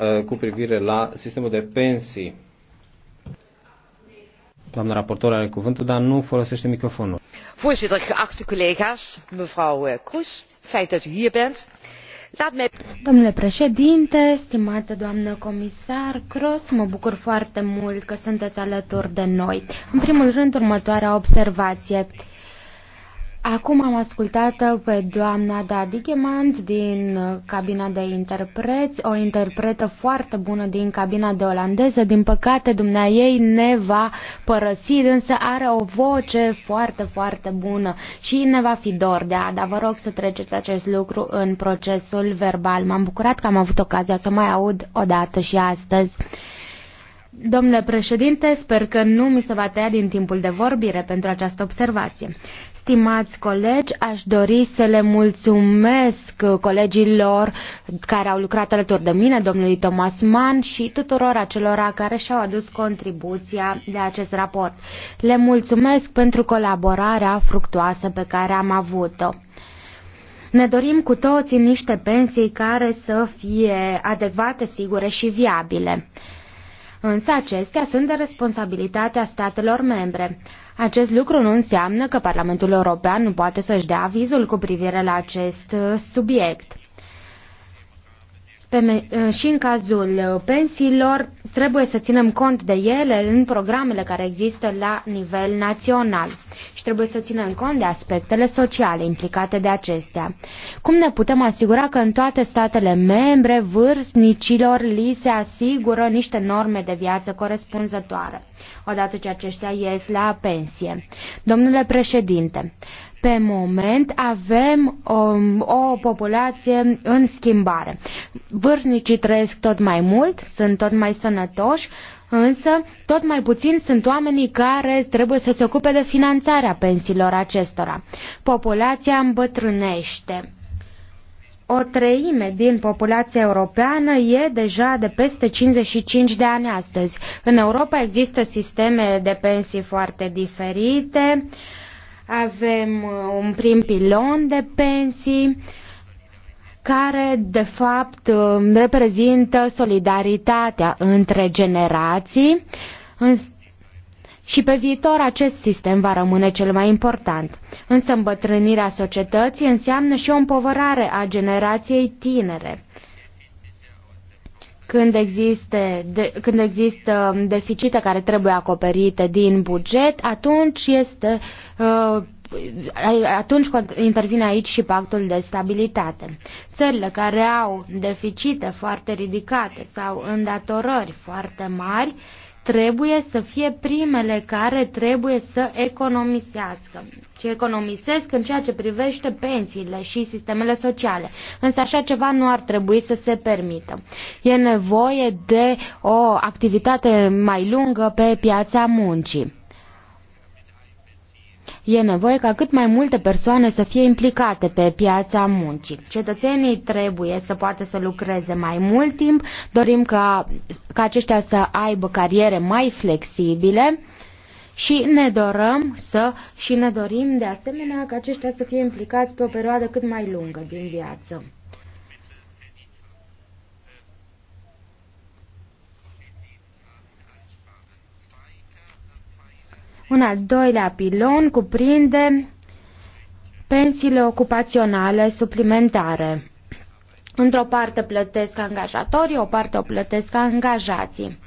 Uh, cu privire la sistemul de pensii. Doamna raportor are cuvântul, dar nu folosește microfonul. Voorzitter, geachte collega's, mevrouw eh, Kroes, feit dat u hier bent. Domnule președinte, stimată doamnă comisar Cross, mă bucur foarte mult că sunteți alături de noi. În primul rând, următoarea observație. Acum am ascultat pe doamna da Chemant din cabina de interpreți, o interpretă foarte bună din cabina de olandeză. Din păcate, dumnea ei ne va părăsi, însă are o voce foarte, foarte bună și ne va fi dor de a, dar vă rog să treceți acest lucru în procesul verbal. M-am bucurat că am avut ocazia să mai aud o dată și astăzi. Domnule președinte, sper că nu mi se va tăia din timpul de vorbire pentru această observație. Stimați colegi, aș dori să le mulțumesc colegilor care au lucrat alături de mine, domnului Thomas Mann și tuturor acelora care și-au adus contribuția de acest raport. Le mulțumesc pentru colaborarea fructuoasă pe care am avut-o. Ne dorim cu toții niște pensii care să fie adecvate, sigure și viabile. Însă acestea sunt de responsabilitatea statelor membre. Acest lucru nu înseamnă că Parlamentul European nu poate să-și dea avizul cu privire la acest subiect. Ă, și în cazul ă, pensiilor trebuie să ținem cont de ele în programele care există la nivel național și trebuie să ținem cont de aspectele sociale implicate de acestea. Cum ne putem asigura că în toate statele membre vârstnicilor li se asigură niște norme de viață corespunzătoare odată ce aceștia ies la pensie? Domnule președinte, pe moment avem o, um, o populație în schimbare. Vârstnicii trăiesc tot mai mult, sunt tot mai sănătoși, însă tot mai puțin sunt oamenii care trebuie să se ocupe de finanțarea pensiilor acestora. Populația îmbătrânește. O treime din populația europeană e deja de peste 55 de ani astăzi. În Europa există sisteme de pensii foarte diferite. Uh, avem uh, un prim pilon de pensii care de fapt uh, reprezintă solidaritatea între generații și pe viitor acest sistem va rămâne cel mai important. Însă îmbătrânirea societății înseamnă și o împovărare a generației tinere când, existe, de, când există um, deficite care trebuie acoperite din buget, atunci este uh, atunci când intervine aici și pactul de stabilitate. Țările care au deficite foarte ridicate sau îndatorări foarte mari uh, trebuie să fie primele care trebuie să economisească și economisesc în ceea ce privește pensiile și sistemele sociale. Însă așa ceva nu ar trebui să se permită. E nevoie de o activitate mai lungă pe piața muncii. E nevoie ca cât mai multe persoane să fie implicate pe piața muncii. Cetățenii trebuie să poată să lucreze mai mult timp, dorim ca, ca aceștia să aibă cariere mai flexibile și ne dorăm să și ne dorim de asemenea ca aceștia să fie implicați pe o perioadă cât mai lungă din viață. Un al doilea pilon cuprinde pensiile ocupaționale suplimentare. Într-o parte plătesc angajatorii, o parte o plătesc angajații.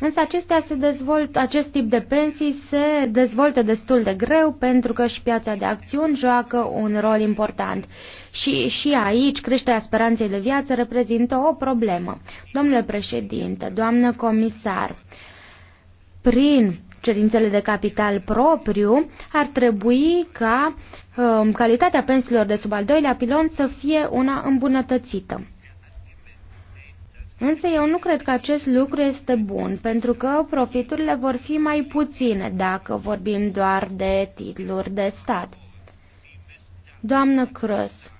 Însă acestea se dezvoltă, acest tip de pensii se dezvoltă destul de greu pentru că și piața de acțiuni joacă un rol important. Și, și aici creșterea speranței de viață reprezintă o problemă. Domnule președinte, doamnă comisar, prin cerințele de capital propriu, ar trebui ca um, calitatea pensiilor de sub al doilea pilon să fie una îmbunătățită. Însă eu nu cred că acest lucru este bun, pentru că profiturile vor fi mai puține dacă vorbim doar de titluri de stat. Doamnă Crăs,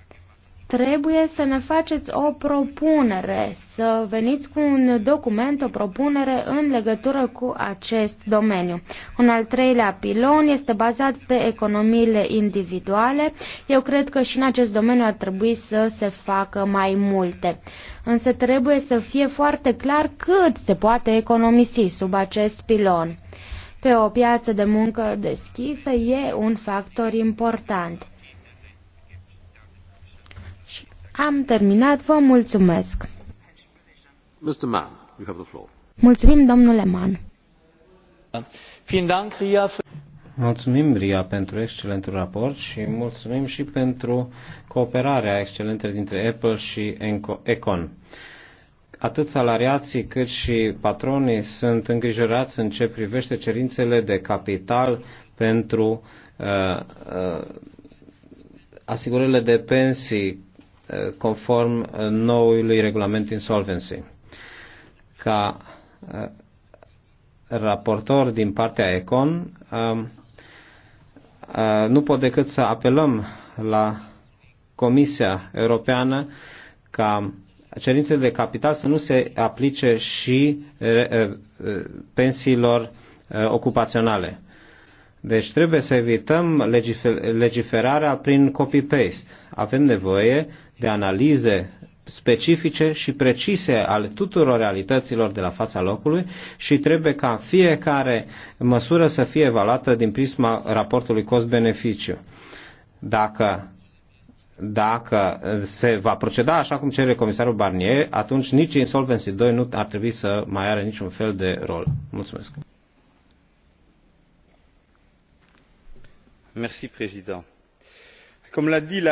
trebuie să ne faceți o propunere, să veniți cu un document, o propunere în legătură cu acest domeniu. Un al treilea pilon este bazat pe economiile individuale. Eu cred că și în acest domeniu ar trebui să se facă mai multe. Însă trebuie să fie foarte clar cât se poate economisi sub acest pilon. Pe o piață de muncă deschisă e un factor important am terminat, vă mulțumesc. Mr. Mann, you have the floor. Mulțumim, domnule Mann. Mulțumim, Ria, pentru excelentul raport și mulțumim și pentru cooperarea excelentă dintre Apple și Econ. Atât salariații cât și patronii sunt îngrijorați în ce privește cerințele de capital pentru uh, uh, asigurările de pensii Eh, conform eh, noului regulament insolvency. Ca eh, raportor din partea Econ, nu pot decât să apelăm la Comisia Europeană ca cerințele de capital să nu se aplice și pensiilor ocupaționale. Deci trebuie să evităm legiferarea prin copy-paste. Avem nevoie de analize specifice și precise ale tuturor realităților de la fața locului și trebuie ca fiecare măsură să fie evaluată din prisma raportului cost-beneficiu. Dacă dacă se va proceda așa cum cere comisarul Barnier, atunci nici Insolvency 2 nu ar trebui să mai are niciun fel de rol. Mulțumesc.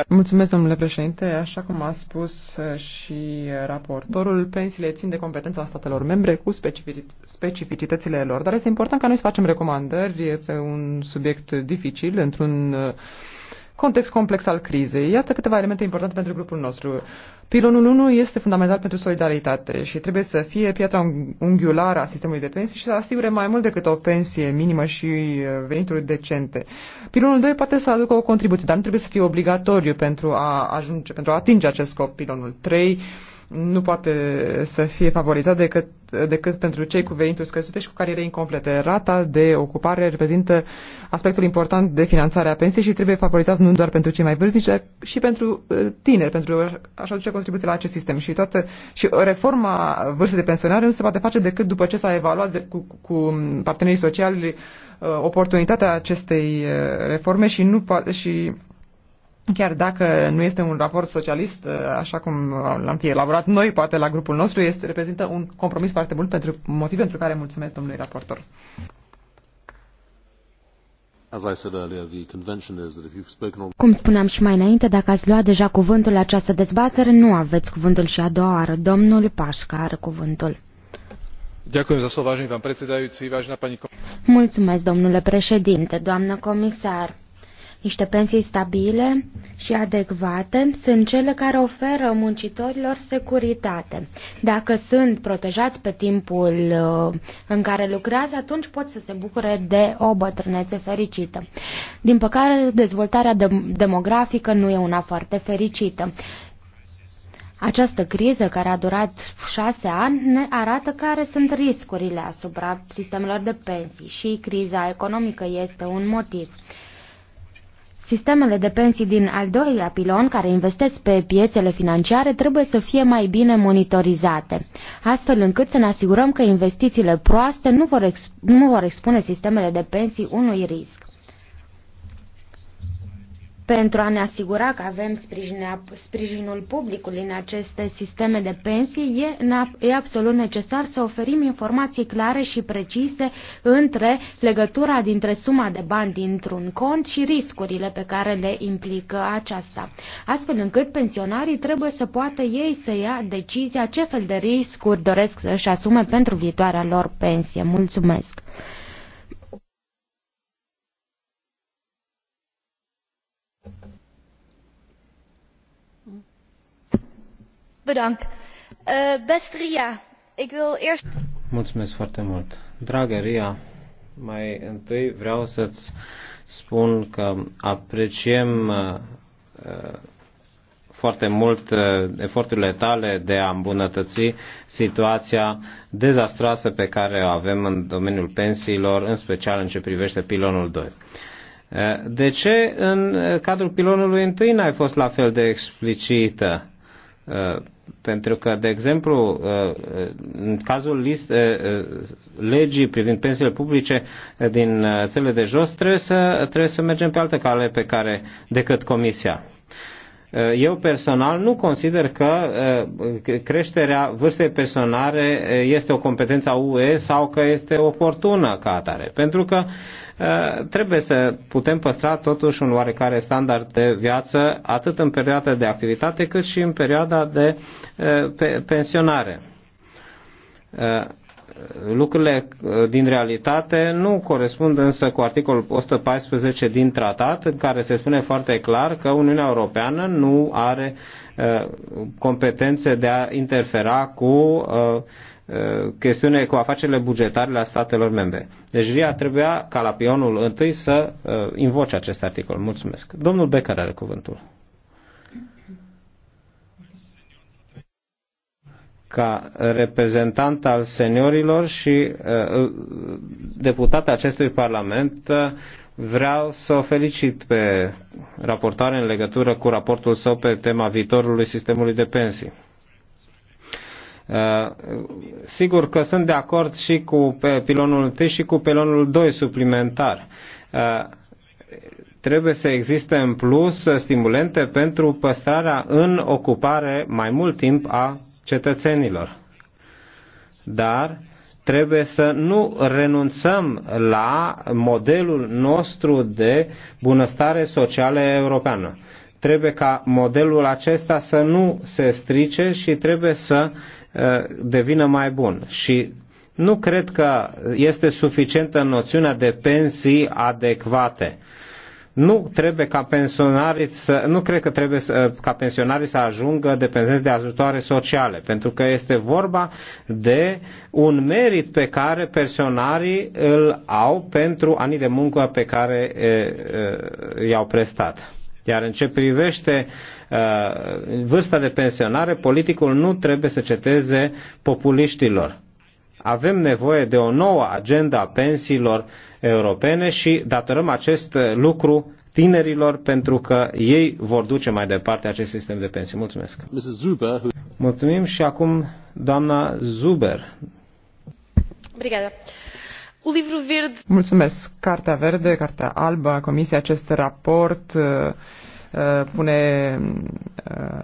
Mulțumesc, domnule președinte. Așa cum a spus uh, și uh, raportorul, pensiile țin de competența statelor membre cu specificitățile lor. Dar este important ca noi să facem recomandări pe un subiect dificil, într-un uh, context complex al crizei. Iată câteva elemente importante pentru grupul nostru. Pilonul 1 este fundamental pentru solidaritate și trebuie să fie piatra unghiulară a sistemului de pensii și să asigure mai mult decât o pensie minimă și uh, venituri decente. Pilonul 2 poate să aducă o contribuție, dar nu trebuie să fie obligatoriu pentru a, ajunge, pentru a atinge acest scop. Pilonul 3 nu poate să fie favorizat decât, decât pentru cei cu venituri scăzute și cu cariere incomplete. Rata de ocupare reprezintă aspectul important de finanțare a pensiei și trebuie favorizat nu doar pentru cei mai vârstnici, dar și pentru uh, tineri, pentru a-și aduce contribuție la acest sistem. Și, toată, și reforma vârstei de pensionare nu se poate face decât după ce s-a evaluat de, cu, cu partenerii sociali uh, oportunitatea acestei uh, reforme și nu, și Chiar dacă nu este un raport socialist, uh, așa cum l-am fi elaborat noi, poate la grupul nostru, este, reprezintă un compromis foarte bun pentru motiv pentru care mulțumesc domnului raportor. Cum spuneam și mai înainte, dacă ați luat deja cuvântul la această dezbatere, nu aveți cuvântul și a doua oară. Domnul Pașca are cuvântul. Mulțumesc, domnule președinte, doamnă comisar niște pensii stabile și adecvate sunt cele care oferă muncitorilor securitate. Dacă sunt protejați pe timpul uh, în care lucrează, atunci pot să se bucure de o bătrânețe fericită. Din păcate, dezvoltarea demografică nu e una foarte fericită. Această criză care a durat șase ani ne arată care sunt riscurile asupra sistemelor de pensii și criza economică este un motiv. Sistemele de pensii din al doilea pilon care investesc pe piețele financiare trebuie să fie mai bine monitorizate, astfel încât să ne asigurăm că investițiile proaste nu vor, ex- nu vor expune sistemele de pensii unui risc pentru a ne asigura că avem sprijinul publicului în aceste sisteme de pensie, e, e absolut necesar să oferim informații clare și precise între legătura dintre suma de bani dintr-un cont și riscurile pe care le implică aceasta, astfel încât pensionarii trebuie să poată ei să ia decizia ce fel de riscuri doresc să-și asume pentru viitoarea lor pensie. Mulțumesc! Eh, Beste Ria, ik wil eerst... Mulțumesc foarte mult. Dragă Ria, mai întâi vreau să-ți spun că apreciem eh, eh, foarte mult eforturile tale de a îmbunătăți situația dezastroasă pe care o avem în domeniul pensiilor, în special în ce privește pilonul 2. De ce în cadrul pilonului întâi n-ai fost la fel de explicită? Uh, pentru că, de exemplu, uh, în cazul list, uh, legii privind pensiile publice din țările de jos, trebuie să, trebuie să mergem pe alte cale pe care, decât Comisia. Eu personal nu consider că creșterea vârstei personare este o competență a UE sau că este oportună ca atare, pentru că Eh, trebuie să putem păstra totuși un oarecare standard de viață, atât în perioada de activitate, cât și în perioada de eh, pensionare. Eh, lucrurile din realitate nu corespund însă cu articolul 114 din tratat, în care se spune foarte clar că Uniunea Europeană nu are competențe de a interfera cu uh, Uh, chestiune cu afacerile bugetare la statelor membre. Deci RIA trebuia ca la pionul întâi să uh, invoce acest articol. Mulțumesc. Domnul Becker are cuvântul. ca reprezentant al seniorilor și uh, deputat acestui Parlament, vreau să o felicit pe raportare în legătură cu raportul său pe tema viitorului sistemului de pensii. Uh, sigur că sunt de acord și cu pilonul 1 și cu pilonul 2 suplimentar uh, trebuie să existe în plus stimulente pentru păstrarea în ocupare mai mult timp a cetățenilor. Dar trebuie să nu renunțăm la modelul nostru de bunăstare socială europeană. Trebuie ca modelul acesta să nu se strice și trebuie să uh, devină mai bun. Și nu cred că este suficientă noțiunea de pensii adecvate. Nu trebuie ca pensionarii să, nu cred că trebuie să, uh, ca pensionarii să ajungă dependenți de ajutoare sociale, pentru că este vorba de un merit pe care pensionarii îl au pentru anii de muncă pe care uh, i-au prestat. Iar în ce privește uh, vârsta de pensionare, politicul nu trebuie să ceteze populiștilor. Avem nevoie de o nouă agenda a pensiilor europene și datorăm acest lucru tinerilor pentru că ei vor duce mai departe acest sistem de pensii. Mulțumesc. Mulțumim și acum doamna Zuber. Obrigada. O livro verde. Mulțumesc. Cartea verde, cartea albă a Comisiei, acest raport uh, uh, pune uh,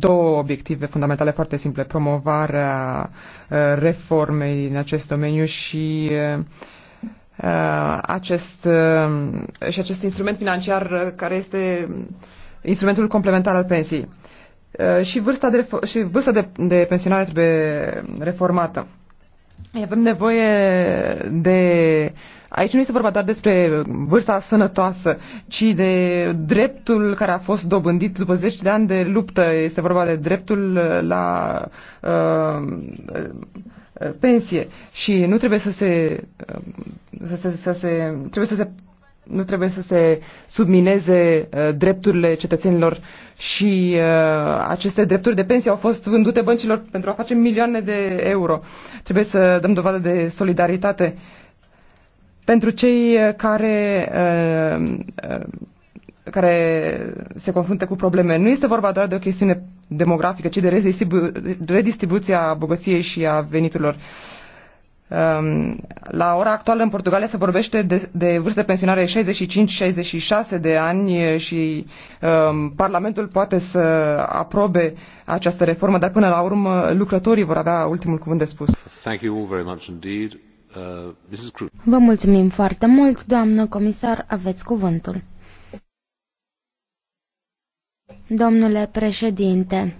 două obiective fundamentale foarte simple. Promovarea uh, reformei în acest domeniu și uh, uh acest, uh, și acest instrument financiar uh, care este instrumentul complementar al pensiei. Uh, și vârsta, de, și vârsta de, de pensionare trebuie reformată. Avem nevoie de Aici nu este vorba doar despre vârsta sănătoasă, ci de dreptul care a fost dobândit după zeci de ani de luptă. Este vorba de dreptul la uh, uh pensie și nu trebuie să se, uh, să se, să se trebuie să se nu trebuie să se submineze uh, drepturile cetățenilor și uh, aceste drepturi de pensie au fost vândute băncilor pentru a face milioane de euro. Trebuie să dăm dovadă de solidaritate pentru cei uh, care, uh, uh, care se confruntă cu probleme. Nu este vorba doar de o chestiune demografică, ci de redistribu- redistribuția bogăției și a veniturilor. Uh, Um, la ora actuală în Portugalia se vorbește de, de vârste pensionare 65-66 de ani și um, Parlamentul poate să aprobe această reformă, dar până la urmă lucrătorii vor avea ultimul cuvânt de spus. Thank you all very much indeed. Uh, Vă mulțumim foarte mult, doamnă comisar, aveți cuvântul. Domnule președinte,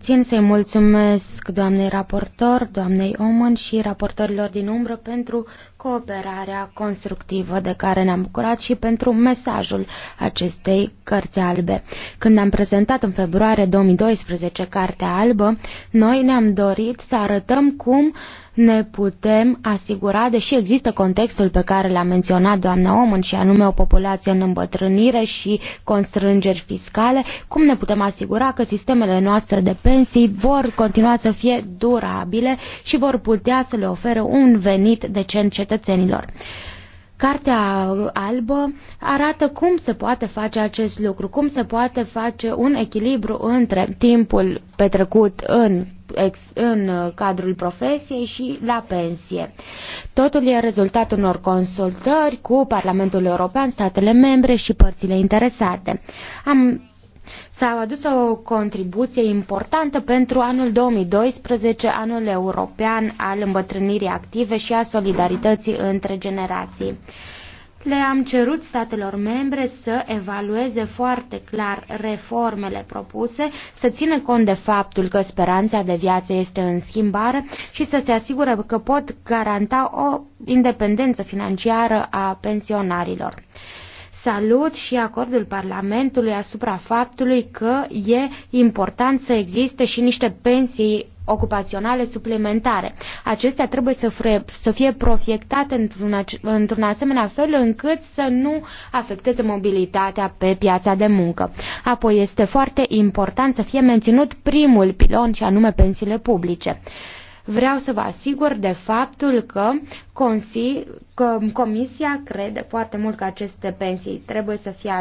țin să-i mulțumesc doamnei raportor, doamnei Oman și raportorilor din umbră pentru cooperarea constructivă de care ne-am bucurat și pentru mesajul acestei cărți albe. Când am prezentat în februarie 2012 Cartea Albă, noi ne-am dorit să arătăm cum uh, ne putem asigura, deși există contextul pe care l-a menționat doamna Omân și anume o populație în îmbătrânire și constrângeri fiscale, cum ne putem asigura că sistemele noastre de pensii vor continua să fie durabile și vor putea să le ofere un venit decent cetățenilor. Cartea albă arată cum se poate face acest lucru, cum se poate face un echilibru între timpul petrecut în ex, în cadrul profesiei și la pensie. Totul e rezultatul unor consultări cu Parlamentul European, statele membre și părțile interesate. Am S-a adus o contribuție importantă pentru anul 2012, anul european al îmbătrânirii active și a solidarității între generații. Le-am cerut statelor membre să evalueze foarte clar reformele propuse, să țină cont de faptul că speranța de viață este în schimbare și să se asigure că pot garanta o independență financiară a pensionarilor. Salut și acordul Parlamentului asupra faptului că e important să existe și niște pensii ocupaționale suplimentare. Acestea trebuie să, fre, să fie profiectate într-un, într-un asemenea fel încât să nu afecteze mobilitatea pe piața de muncă. Apoi este foarte important să fie menținut primul pilon și anume pensiile publice. Vreau să vă asigur de faptul că, consi, că Comisia crede foarte mult că aceste pensii trebuie să fie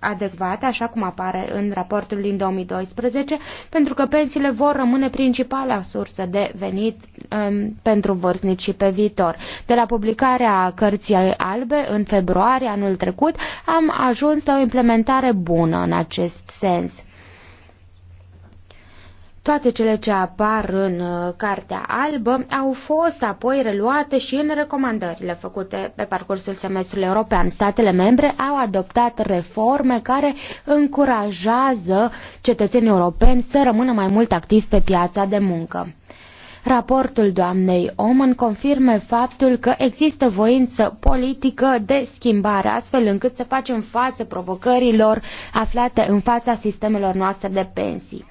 adecvate, așa cum apare în raportul din 2012, pentru că pensiile vor rămâne principala sursă de venit um, pentru vârstnici și pe viitor. De la publicarea cărții albe în februarie anul trecut, am ajuns la o implementare bună în acest sens. Toate cele ce apar în uh, Cartea Albă au fost apoi reluate și în recomandările făcute pe parcursul semestrului european. Statele membre au adoptat reforme care încurajează cetățenii europeni să rămână mai mult activi pe piața de muncă. Raportul doamnei Oman confirme faptul că există voință politică de schimbare, astfel încât să facem față provocărilor aflate în fața sistemelor noastre de pensii.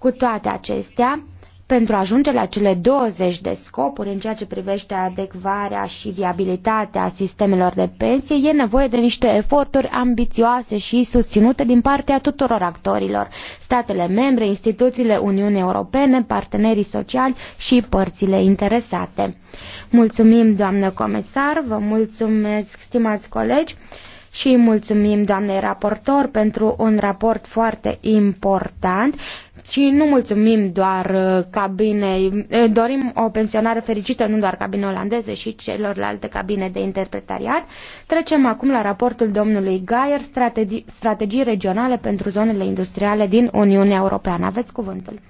Cu toate acestea, pentru a ajunge la cele 20 de scopuri în ceea ce privește adecvarea și viabilitatea sistemelor de pensie, e nevoie de niște eforturi ambițioase și susținute din partea tuturor actorilor, statele membre, instituțiile Uniunii Europene, partenerii sociali și părțile interesate. Mulțumim, doamnă comisar, vă mulțumesc, stimați colegi și îi mulțumim doamnei raportor pentru un raport foarte important și nu mulțumim doar uh, cabinei, uh, dorim o pensionare fericită nu doar cabine olandeze și celorlalte cabine de interpretariat. Trecem acum la raportul domnului Gaier, strategii, strategii regionale pentru zonele industriale din Uniunea Europeană. Aveți cuvântul.